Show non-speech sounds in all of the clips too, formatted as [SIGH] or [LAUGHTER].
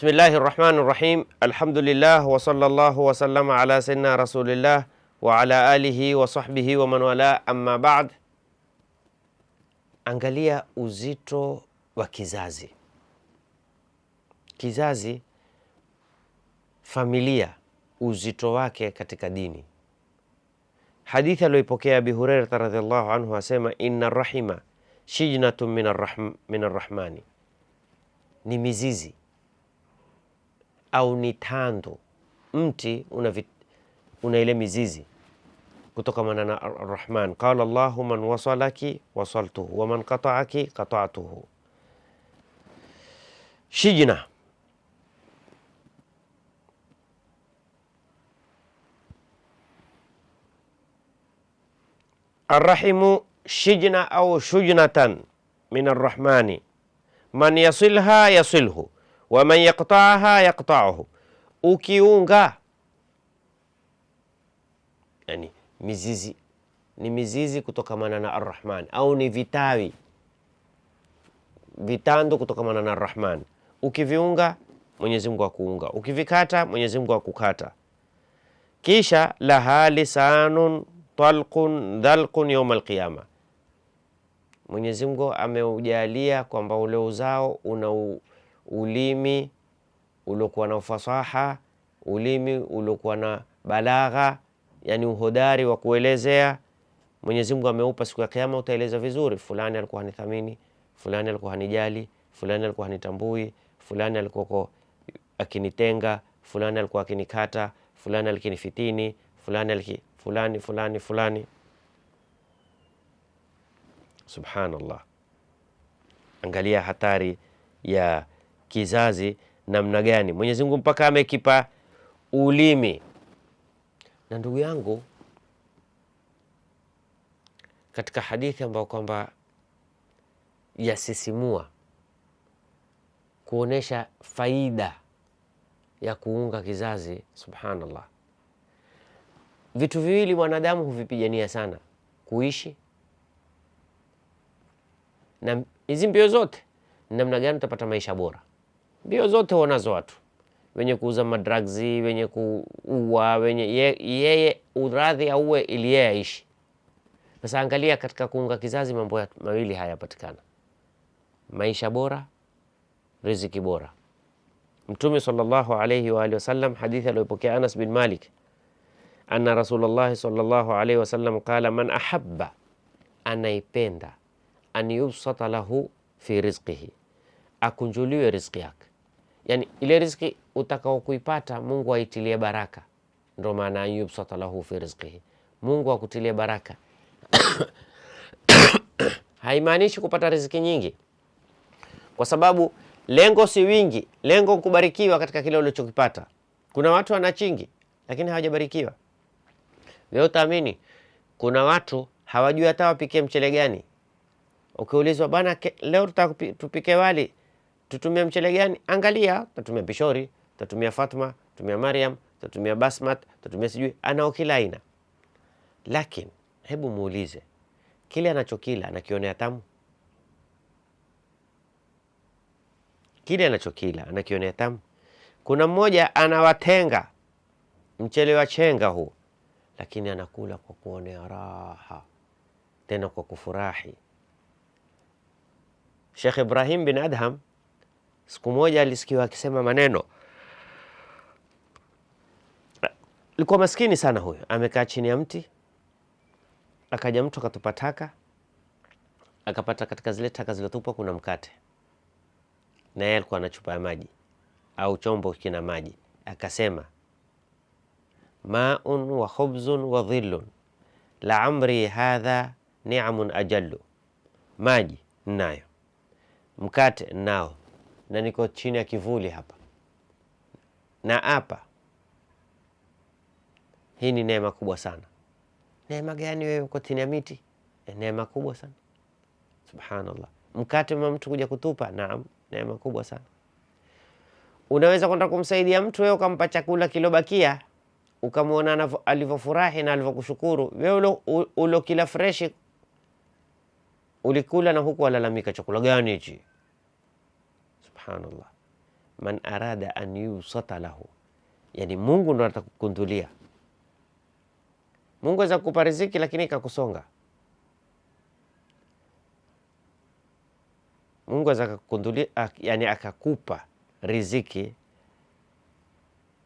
Bismillahi rahmani rahim. Alhamdulillah wa sallallahu wa sallama ala sayyidina rasulillah wa alihi wa wamanwala ama ba'd. Angalia uzito wa kizazi. Kizazi, familia, uzito wake katika dini. Hadithi aliyoipokea Abi Hurairata radhiallahu anhu asema, inna rahima shijnatun min arrahmani, ni mizizi au ni tandu. Mti una, vit, una ile mizizi kutokamana na Arrahman, qala Allahu man wasalaki wasaltuhu wa man qata'aki qata'tuhu. Shijna arrahimu shijna au shujnatan min arrahmani man yasilha yasilhu waman yaqtaaha yaqtaahu, ukiunga yani mizizi ni mizizi kutokamana na Arrahman au ni vitawi vitando kutokamana na Arrahman. Ukiviunga Mwenyezi Mungu akuunga, ukivikata Mwenyezi Mungu akukata. Kisha laha lisanun talqun dhalqun yauma alqiyama. Mwenyezi Mungu ameujalia kwamba ule uzao una ulimi uliokuwa na ufasaha, ulimi uliokuwa na balagha, yani uhodari wa kuelezea. Mwenyezi Mungu ameupa, siku ya Kiyama utaeleza vizuri, fulani alikuwa hanithamini, fulani alikuwa hanijali, fulani alikuwa hanitambui, fulani alikuwa akinitenga, fulani alikuwa akinikata, fulani alikinifitini, fulani aliki, fulani fulani fulani. Subhanallah, angalia hatari ya kizazi namna gani. Mwenyezi Mungu mpaka amekipa ulimi. Na ndugu yangu, katika hadithi ambayo kwamba yasisimua kuonesha faida ya kuunga kizazi, subhanallah, vitu viwili mwanadamu huvipigania sana, kuishi na hizi mbio zote, namna gani utapata maisha bora mbio zote wanazo watu wenye kuuza madragzi, wenye kuua, wenye yeye uradhi auwe ili yeye aishi. Sasa angalia, katika kuunga kizazi mambo mawili hayapatikana: maisha bora, riziki bora. Mtume sallallahu alayhi wa alihi wasallam, hadithi aliyopokea Anas bin Malik, anna Rasulullah sallallahu alayhi wasallam qala, man ahabba, anaipenda an yubsata lahu fi rizqihi, akunjuliwe rizqi yake yani ile riziki utakao kuipata Mungu aitilie baraka. Ndio maana yubsata lahu fi rizqihi, Mungu akutilie baraka [COUGHS] haimaanishi kupata riziki nyingi, kwa sababu lengo si wingi, lengo kubarikiwa katika kile ulichokipata. Kuna watu wana chingi lakini hawajabarikiwa. Wewe utaamini, kuna watu hawajui hata wapike mchele gani. Ukiulizwa bana, leo tutapike wali tutumia mchele gani? Angalia, tutumia pishori, tutumia Fatma, tutumia Mariam, tutumia Basmat, tutumia sijui anao kila aina, lakini hebu muulize kile anachokila anakionea tamu? Kile anachokila anakionea tamu? Kuna mmoja anawatenga mchele wa chenga huu, lakini anakula kwa kuonea raha, tena kwa kufurahi. Sheikh Ibrahim bin Adham Siku moja alisikiwa akisema maneno, alikuwa maskini sana huyo, amekaa chini ya mti, akaja mtu akatupa taka, akapata katika zile taka zilizotupwa kuna mkate, na yeye alikuwa na chupa ya maji au chombo kina maji, akasema maun wa khubzun wa dhillun la amri hadha niamun ajalu maji nnayo, mkate nnao na niko chini ya kivuli hapa, na hapa. Hii ni neema kubwa sana. Neema gani wewe uko chini ya miti? Eh, neema kubwa sana subhanallah. Mkate wa mtu kuja kutupa, naam, neema kubwa sana. Unaweza kwenda kumsaidia mtu wewe, ukampa chakula kilobakia, ukamwona alivyofurahi na alivyokushukuru wewe, ulo kila freshi ulikula, na huku walalamika, chakula gani hichi? subhanallah, man arada an yusata lahu, yani Mungu ndo anataka kukundulia. Mungu aweza kukupa riziki lakini ikakusonga. Mungu aweza kukundulia, yani akakupa riziki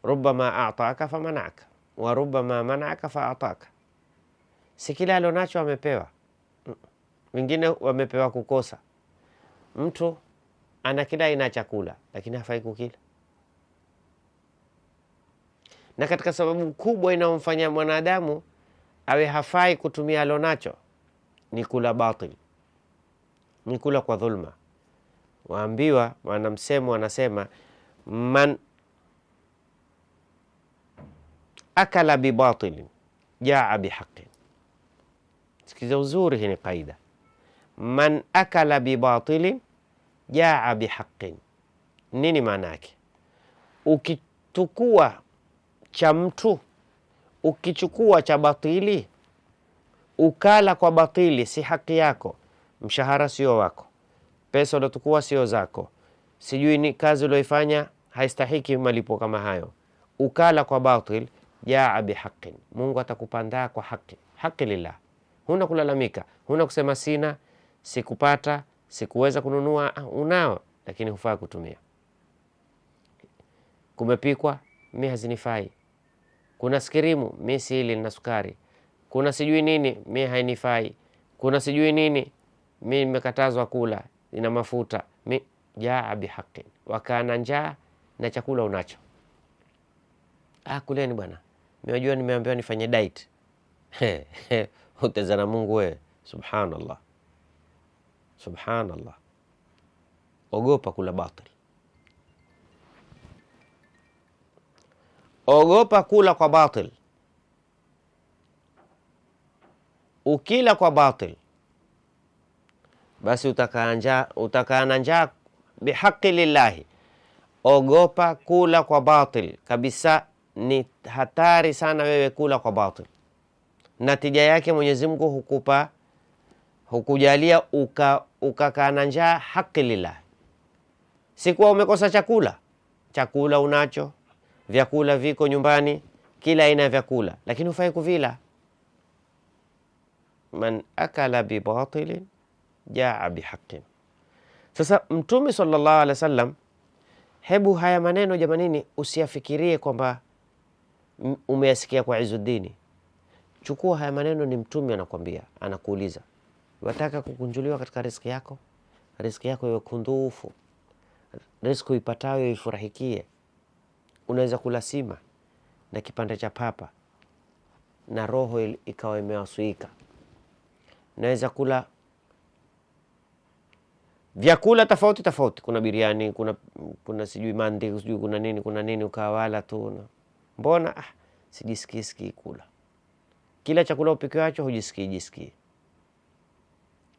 rubama ataka famanaka wa rubama manaka ataka si kila alionacho amepewa, wengine wamepewa kukosa. Mtu ana kila aina ya chakula lakini hafai kukila. Na katika sababu kubwa inayomfanya mwanadamu awe hafai kutumia alonacho ni kula batil, ni kula kwa dhulma. Waambiwa, wana msemo wanasema, man akala bibatilin jaa bihaqin. Sikiza uzuri, hii ni kaida, man akala bibatilin jaa bihaqin, nini maana yake? Ukitukua cha mtu, ukichukua cha batili, ukala kwa batili, si haki yako. Mshahara sio wako, pesa ulotukua sio zako, sijui ni kazi uliyoifanya haistahiki malipo kama hayo. Ukala kwa batil, jaa bihaqin, Mungu atakupandaa kwa haki. Haki lillah, huna kulalamika, huna kusema sina, sikupata sikuweza kununua, ah, unao lakini hufaa kutumia. Kumepikwa, mi hazinifai. Kuna skirimu, mi siili na sukari. Kuna sijui nini, mi hainifai. Kuna sijui nini, mi nimekatazwa kula, ina mafuta. Mi jaa bihaqin, wakaa njaa na chakula unacho. Ah, kuleni bwana, miwajua nimeambiwa nifanye diet. utezana [LAUGHS] Mungu wewe, subhanallah. Subhanallah, ogopa kula batil, ogopa kula kwa batil. Ukila kwa batil, basi utakaa na njaa bihaqi lillahi. Ogopa kula kwa batil kabisa, ni hatari sana wewe kula kwa batil, natija yake Mwenyezi Mungu hukupa hukujalia ukakaa na njaa, haki lillah. Sikuwa umekosa chakula, chakula unacho, vyakula viko nyumbani, kila aina ya vyakula, lakini hufai kuvila. Man akala bibatilin jaa bihaqin. Sasa Mtume sallallahu alaihi wasallam, hebu haya maneno jamanini, usiyafikirie kwamba umeyasikia kwa Izudini. Chukua haya maneno, ni Mtume anakwambia, anakuuliza wataka kukunjuliwa katika riski yako, riski yako iwe kundufu, riziki ipatayo ifurahikie. Unaweza kula sima na kipande cha papa na roho ikawa imewasuika. Naweza kula vyakula tofauti tofauti, kuna biriani, kuna, kuna sijui mandi, sijui kuna nini, kuna nini, ukawala tu, mbona ah, sijisikii sikii kula. Kila chakula upikiwacho hujisikii jisikii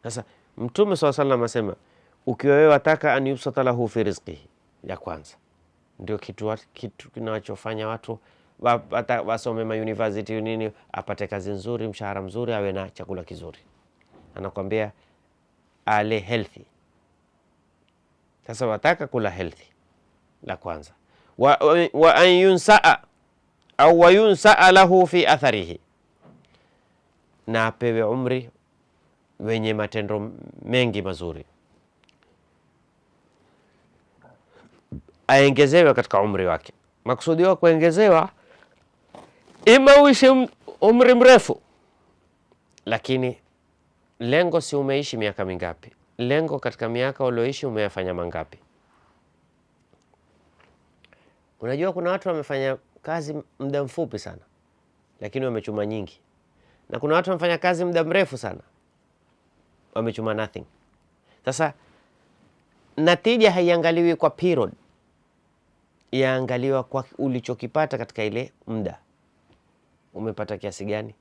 sasa Mtume saa salam asema ukiwa wewe wataka an yubsata lahu fi rizqihi, ya kwanza ndio kitu, kitu kinachofanya watu wasome mauniversity nini, apate kazi nzuri, mshahara mzuri, awe na chakula kizuri, anakwambia ale healthy. Sasa wataka kula healthy, la kwanza wa, wa, wa an yunsaa au wayunsaa lahu fi atharihi, na apewe umri wenye matendo mengi mazuri, aengezewe katika umri wake. wa kuengezewa ima uishi umri mrefu, lakini lengo si umeishi miaka mingapi, lengo katika miaka ulioishi umeyafanya mangapi. Unajua, kuna watu wamefanya kazi muda mfupi sana, lakini wamechuma nyingi, na kuna watu wamefanya kazi muda mrefu sana wamechuma nothing. Sasa natija haiangaliwi kwa period, yaangaliwa kwa ulichokipata katika ile muda, umepata kiasi gani?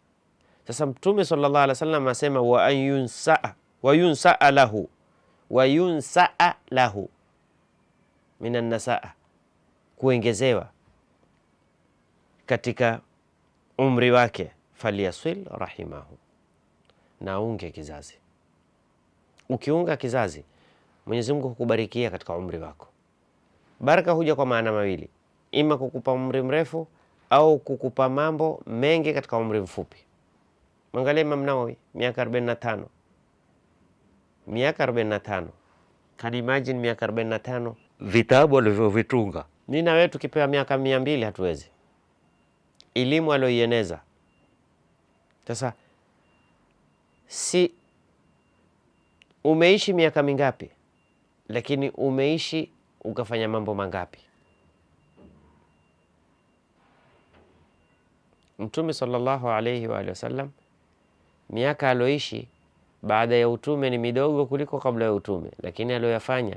Sasa Mtume sallallahu alaihi wasallam asema wa ayunsaa wa yunsaa lahu wa yunsaa lahu minan nasaa, kuongezewa katika umri wake, falyasil rahimahu, naunge kizazi ukiunga kizazi, Mwenyezi Mungu hukubarikia katika umri wako. Baraka huja kwa maana mawili, ima kukupa umri mrefu au kukupa mambo mengi katika umri mfupi. Mwangalie Imam Nawawi miaka 45, miaka 45. Can imagine miaka 45 vitabu alivyovitunga. ni na wewe tukipewa miaka mia mbili hatuwezi. Elimu aliyoieneza sasa si Umeishi miaka mingapi? Lakini umeishi ukafanya mambo mangapi? Mtume sallallahu alaihi wa wasallam miaka aloishi baada ya utume ni midogo kuliko kabla ya utume, lakini aliyoyafanya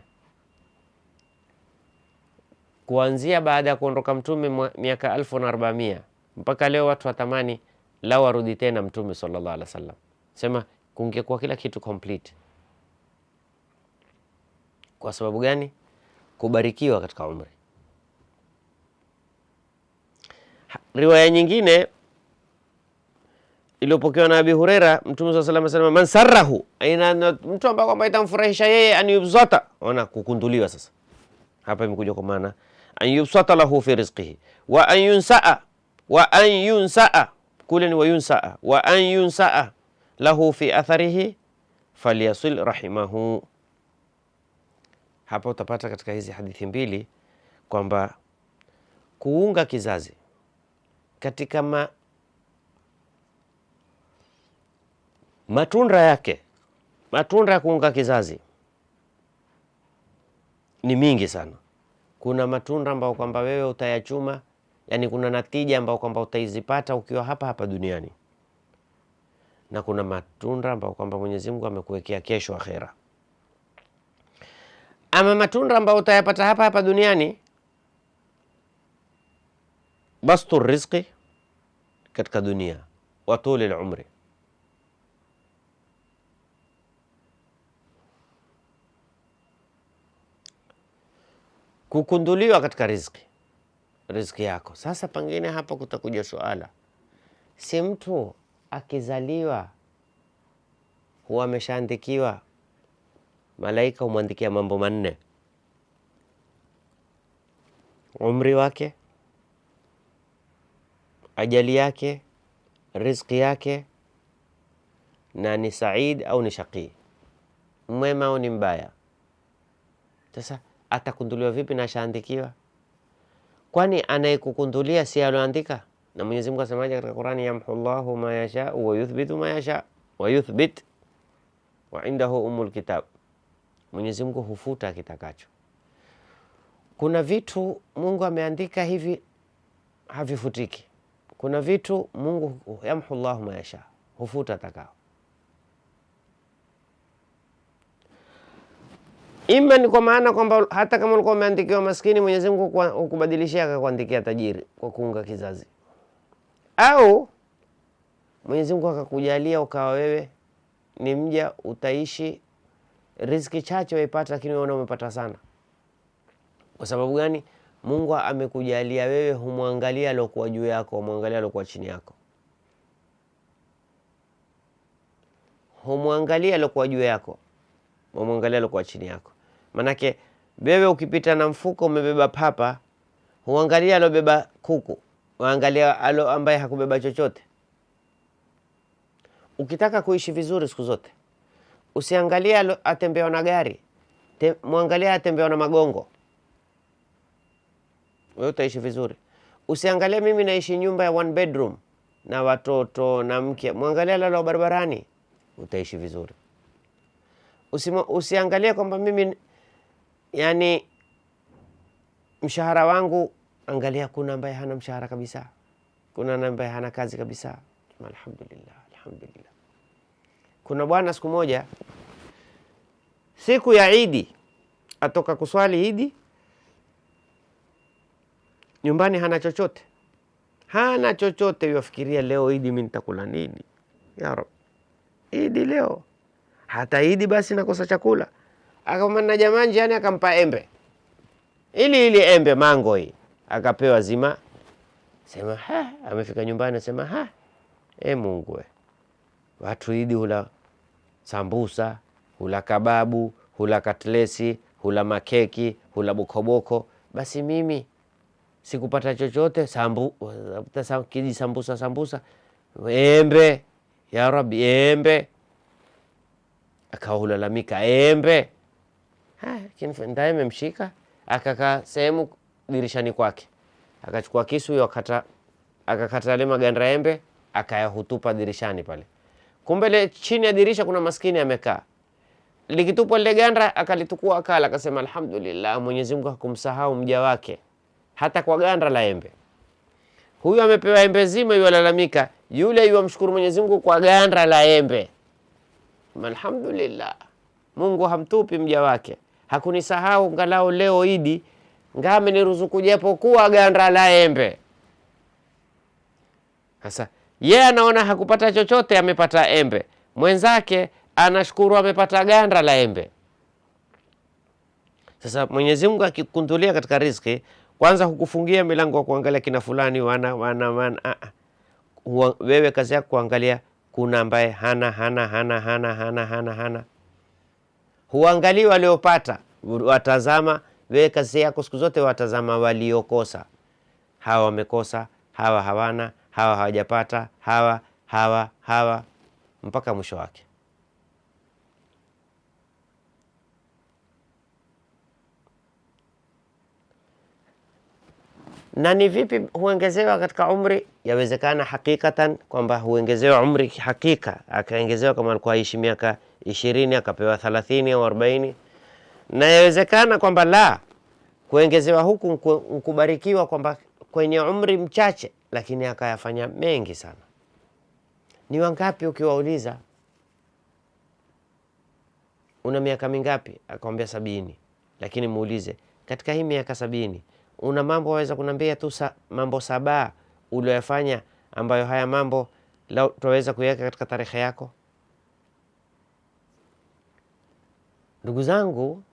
kuanzia baada ya kuondoka mtume miaka elfu na arobaini mpaka leo watu watamani lao warudi tena mtume sallallahu alaihi wasallam, sema kungekuwa kila kitu complete. Kwa sababu gani? Kubarikiwa katika umri. Riwaya nyingine iliyopokewa na Abi Huraira, Mtume swalla Allahu alayhi man sarrahu, aina mtu ambaye kwamba itamfurahisha yeye, an yubsata, ona kukunduliwa sasa hapa imekuja kwa maana an yubsata lahu fi rizqihi wa an yunsaa wa an yunsaa kule ni wa yunsaa wa an yunsaa lahu fi atharihi falyasil rahimahu hapa utapata katika hizi hadithi mbili kwamba kuunga kizazi katika ma, matunda yake matunda ya kuunga kizazi ni mingi sana. Kuna matunda ambayo kwamba wewe utayachuma, yani kuna natija ambayo kwamba utaizipata ukiwa hapa hapa duniani, na kuna matunda ambayo kwamba Mwenyezi Mungu amekuwekea kesho akhera ama matunda ambayo utayapata hapa hapa duniani, bastu rizqi katika dunia, wa tuli lumri. kukunduliwa katika rizqi rizqi yako. Sasa pengine hapa kutakuja suala, si mtu akizaliwa huwa ameshaandikiwa malaika humwandikia mambo manne: umri wake, ajali yake, riziki yake, na ni said au ni shaqii, mwema au ni mbaya. Sasa atakunduliwa vipi na ashaandikiwa? Kwani anayekukundulia si aloandika? Na Mwenyezi Mungu asemaje katika Qur'ani? yamhu llahu ma yasha wa yuthbitu ma yasha wa yuthbit wa indahu umul kitab Mwenyezi Mungu hufuta kitakacho. Kuna vitu Mungu ameandika hivi havifutiki. Kuna vitu Mungu yamhu llahu ma yasha, hufuta takao. Ima ni kwa maana kwamba hata kama ulikuwa umeandikiwa maskini, Mwenyezi Mungu hukubadilishia akakuandikia tajiri kwa kuunga kizazi, au Mwenyezi Mungu akakujalia ukawa wewe ni mja utaishi riziki chache waipata, lakini wewe umepata sana. Kwa sababu gani? Mungu amekujalia wewe, humwangalia alokuwa juu yako, humwangalia alokuwa chini yako, humwangalia alokuwa juu yako, humwangalia alokuwa chini yako. Manake wewe ukipita na mfuko umebeba papa, huangalia alobeba kuku, waangalia alo ambaye hakubeba chochote. Ukitaka kuishi vizuri siku zote usiangalia atembea na gari, mwangalia atembea na magongo, wewe utaishi vizuri. Usiangalie mimi naishi nyumba ya one bedroom na watoto na mke, mwangalia lala barabarani, utaishi vizuri. Usiangalie kwamba mimi yani mshahara wangu, angalia kuna ambaye hana mshahara kabisa, kuna ambaye hana kazi kabisa. Alhamdulillah, alhamdulillah. Kuna bwana siku moja, siku ya Idi atoka kuswali Idi, nyumbani hana chochote, hana chochote. Yafikiria leo Idi mi nitakula nini? Ya Rab, Idi leo hata Idi basi nakosa chakula. Akamana jamaa njiani, akampa embe ili ili embe mango hii, akapewa zima. Sema ha, amefika nyumbani, asema ha, e Mungu we watu Idi hula sambusa, hula kababu, hula katlesi, hula makeki, hula bokoboko. Basi mimi sikupata chochote sambu, kiji sambusa sambusa, embe ya rabi embe. Akawa hulalamika embe, ndaye memshika akakaa sehemu dirishani kwake, akachukua kisu hiyo akakata yale maganda embe, akayahutupa dirishani pale. Kumbele chini ya dirisha kuna maskini amekaa, likitupwa lile ganda akalitukua akala, akasema alhamdulillah, Mwenyezi Mungu hakumsahau mja wake hata kwa ganda la embe. Huyu amepewa embe zima, yualalamika, yule yuamshukuru Mwenyezi Mungu kwa ganda la embe. Alhamdulillah, Mungu hamtupi mja wake, hakunisahau ngalao leo Idi ngame niruzuku japo kuwa ganda la embe. Sasa yeye yeah, anaona hakupata chochote, amepata embe. Mwenzake anashukuru amepata ganda la embe. Sasa Mwenyezi Mungu akikundulia katika riziki, kwanza hukufungia milango ya kuangalia kina fulani wana wana wana, wewe kazi yako kuangalia kuna ambaye hana hana hana hana hana hana hana, huangalii waliopata, watazama. Wewe kazi yako siku zote watazama waliokosa, hawa wamekosa, hawa hawana hawa hawajapata, hawa hawa hawa, mpaka mwisho wake. Na ni vipi huongezewa katika umri? Yawezekana hakikatan kwamba huongezewa umri hakika, akaongezewa kama alikuwa aishi miaka ishirini akapewa thalathini au arobaini na yawezekana kwamba la kuongezewa huku nkubarikiwa kwamba kwenye umri mchache lakini akayafanya mengi sana. Ni wangapi ukiwauliza una miaka mingapi, akamwambia sabini, lakini muulize katika hii miaka sabini una mambo waweza kunambia tu sa, mambo saba ulioyafanya ambayo haya mambo twaweza kuiweka katika tarehe yako. Ndugu zangu,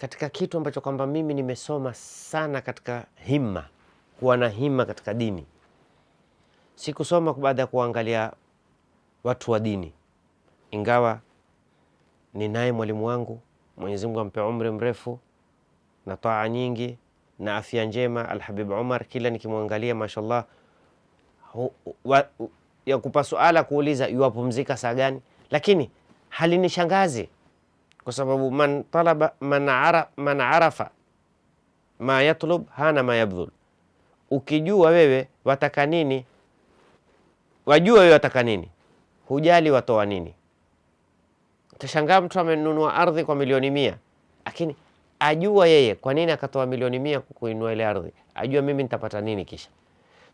katika kitu ambacho kwamba mimi nimesoma sana katika himma, kuwa na himma katika dini. Sikusoma baada ya kuangalia watu wa dini, ingawa ninaye mwalimu wangu, Mwenyezi Mungu ampe umri mrefu na taa nyingi na afya njema, Alhabib Umar. Kila nikimwangalia mashallah, ya suala kuuliza yuwapumzika saa gani, lakini halinishangazi kwa sababu man talaba man, ara, man arafa ma yatlub hana ma yabdhul. Ukijua wewe wataka nini, wajua wewe wataka nini, hujali watoa nini. Utashangaa mtu amenunua ardhi kwa milioni mia, lakini ajua yeye kwa nini akatoa milioni mia kuinua ile ardhi, ajua mimi nitapata nini kisha.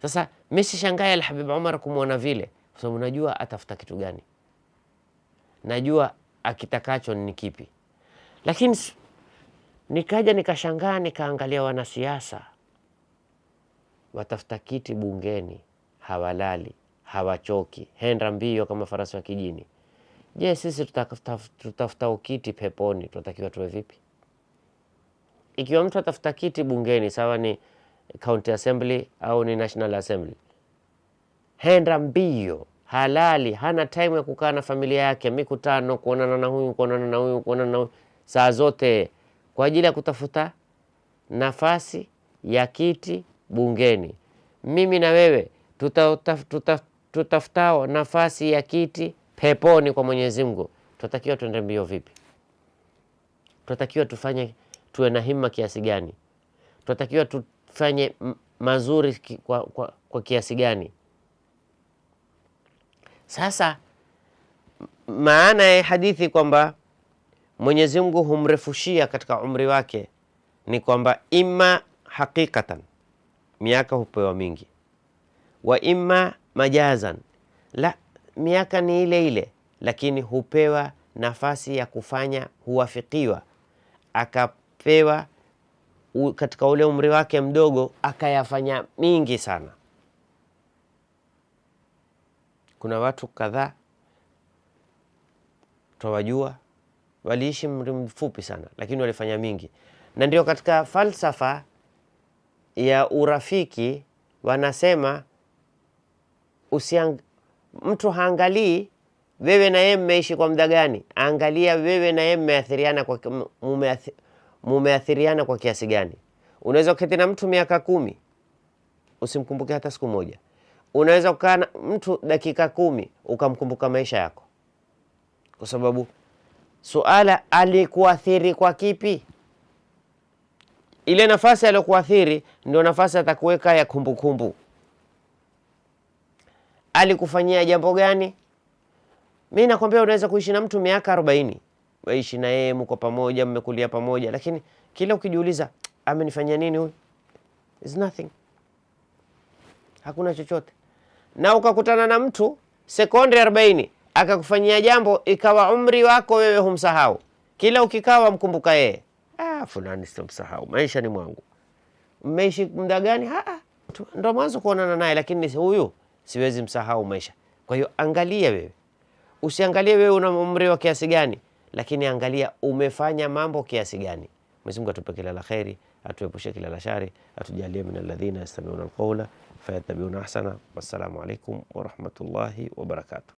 Sasa mimi sishangae alhabib Umar kumwona vile, kwa sababu najua atafuta kitu gani, najua akitakacho ni kipi. Lakini nikaja nikashangaa, nikaangalia wanasiasa watafuta kiti bungeni, hawalali, hawachoki, henda mbio kama farasi wa kijini. Je, sisi tutafuta ukiti peponi tunatakiwa tuwe vipi? Ikiwa mtu atafuta kiti bungeni, sawa ni county assembly au ni national assembly, henda mbio halali, hana time ya kukaa na familia yake, mikutano, kuonana na huyu, kuonana na huyu, kuonana na huyu, saa zote kwa ajili ya kutafuta nafasi ya kiti bungeni. Mimi na wewe tutafutao tuta, tuta, tuta nafasi ya kiti peponi kwa Mwenyezi Mungu. Tunatakiwa tuende mbio vipi? Tunatakiwa tufanye tuwe na himma kiasi gani? Tunatakiwa tufanye mazuri kwa, kwa, kwa kiasi gani? Sasa maana ya hadithi kwamba Mwenyezi Mungu humrefushia katika umri wake ni kwamba imma haqiqatan, miaka hupewa mingi, wa imma majazan, la miaka ni ile ile, lakini hupewa nafasi ya kufanya, huwafikiwa akapewa katika ule umri wake mdogo akayafanya mingi sana. Kuna watu kadhaa twawajua, waliishi mri mfupi sana, lakini walifanya mingi, na ndio katika falsafa ya urafiki wanasema usiang... mtu haangalii wewe na yeye mmeishi kwa muda gani, angalia wewe na yeye mmeathiriana kwa, mumeathiriana kwa kiasi gani. Unaweza uketi na mtu miaka kumi usimkumbuke hata siku moja unaweza kukaa mtu dakika kumi ukamkumbuka maisha yako, kwa sababu suala alikuathiri kwa kipi? Ile nafasi aliyokuathiri ndio nafasi atakuweka ya kumbukumbu. Alikufanyia jambo gani? Mi nakwambia unaweza kuishi na mtu miaka arobaini, waishi na yeye, mko pamoja, mmekulia pamoja, lakini kila ukijiuliza amenifanyia nini huyu, nothing, hakuna chochote na ukakutana na mtu sekonde 40 akakufanyia jambo, ikawa umri wako wewe humsahau, kila ukikaa wamkumbuka yeye. Ah, fulani sitomsahau maisha ni mwangu. Mmeishi muda gani? Ah, ndo mwanzo kuonana naye, lakini huyu siwezi msahau maisha. Kwa hiyo angalia wewe, usiangalie wewe una umri wa kiasi gani, lakini angalia umefanya mambo kiasi gani. Mwenyezi Mungu atupe kila la kheri. أتوب بشكل على شعري أتجعلي من الذين يستمعون القول فيتبعون أحسن والسلام عليكم ورحمة الله وبركاته